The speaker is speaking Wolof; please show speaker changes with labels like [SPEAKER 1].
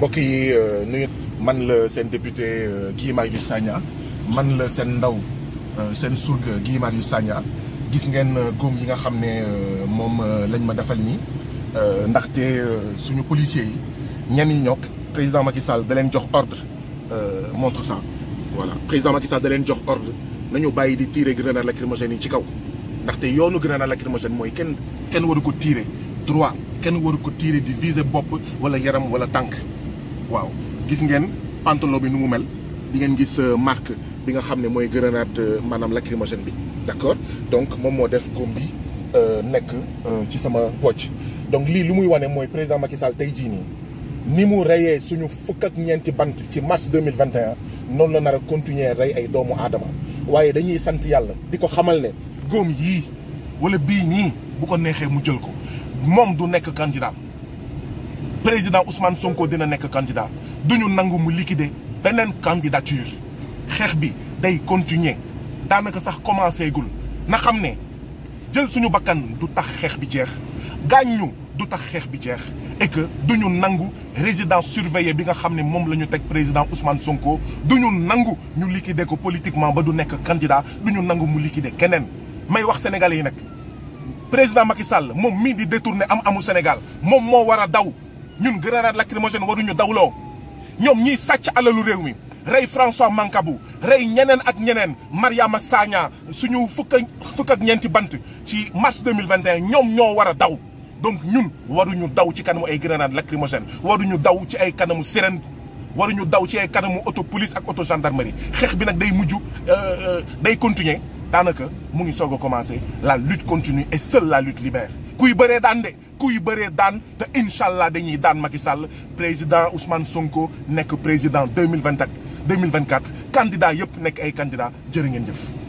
[SPEAKER 1] mbokk yi euh, nuyu man la seen député euh, Guy Marius Sagna man la seen ndaw euh, seen surga Guy Marius Sagna gis ngeen góom yi nga xam ne moom lañ ma defal nii ndaxte suñu policier yi ñenn ñokk président Macky Sall da leen jox ordre montre ça voilà président Macky Sall da leen jox ordre nañu bàyyi di tirer grenade lacrymogène yi ci kaw ndaxte yoonu grenade lacrymogène mooy kenn kenn waru ko tirer droit kenn waru ko tirer di viser bopp wala yaram wala tànk waaw gis ngeen pantalon bi nu mu mel di euh, marque bi nga grenade euh, maanaam lacrymogène bi d'accord donc moom moo def góom bi euh, ci sama donc lu muy wane président Macky Sall tey jii nii ni mu reyee suñu ak bant ci mars 2021 nous la continuer rey ay doomu aadama waaye dañuy sant yàlla xamal wala bu ko mu jël candidat président Ousmane Sonko dina nek candidat duñu nangu m'ulikide. liquider benen candidature xex bi day continuer daanaka sax commencer gul na xamné ne jël suñu bakkan du tax xex bi jeex gañu du tax xex bi jeex et que duñu nangu Président surveiller bi nga xamné mom lañu tek président Ousmane Sonko duñu nangu ñu liquider ko politiquement ba du nek candidat duñu nangu mu liquider kenen may wax sénégalais yi président Macky Sall mom mi di détourner am amu Sénégal mom waradau. wara daw ñun grenade lacrymogène waruñu alalu rewmi François mankabu rey ñenen ak ñenen Mariama Sagna suñu fuk fuk ak mars 2021 ñom ñoo wara daw donc ñun waruñu daw ci kanamu ay grenade lacrymogène waruñu daw ci ay kanamu sirène waruñu daw ci ay auto police auto gendarmerie bi euh, euh, day continuer la lutte continue et seule la lutte libère ku kuy bëree daan de ku kuy bëree daan te incha allah dañuy daan Macky Sall président Ousmane Sonko nekk président deux mille vingt ak deux mille vingt quatre yëpp nekk ay candidat jërë ngeen jëf.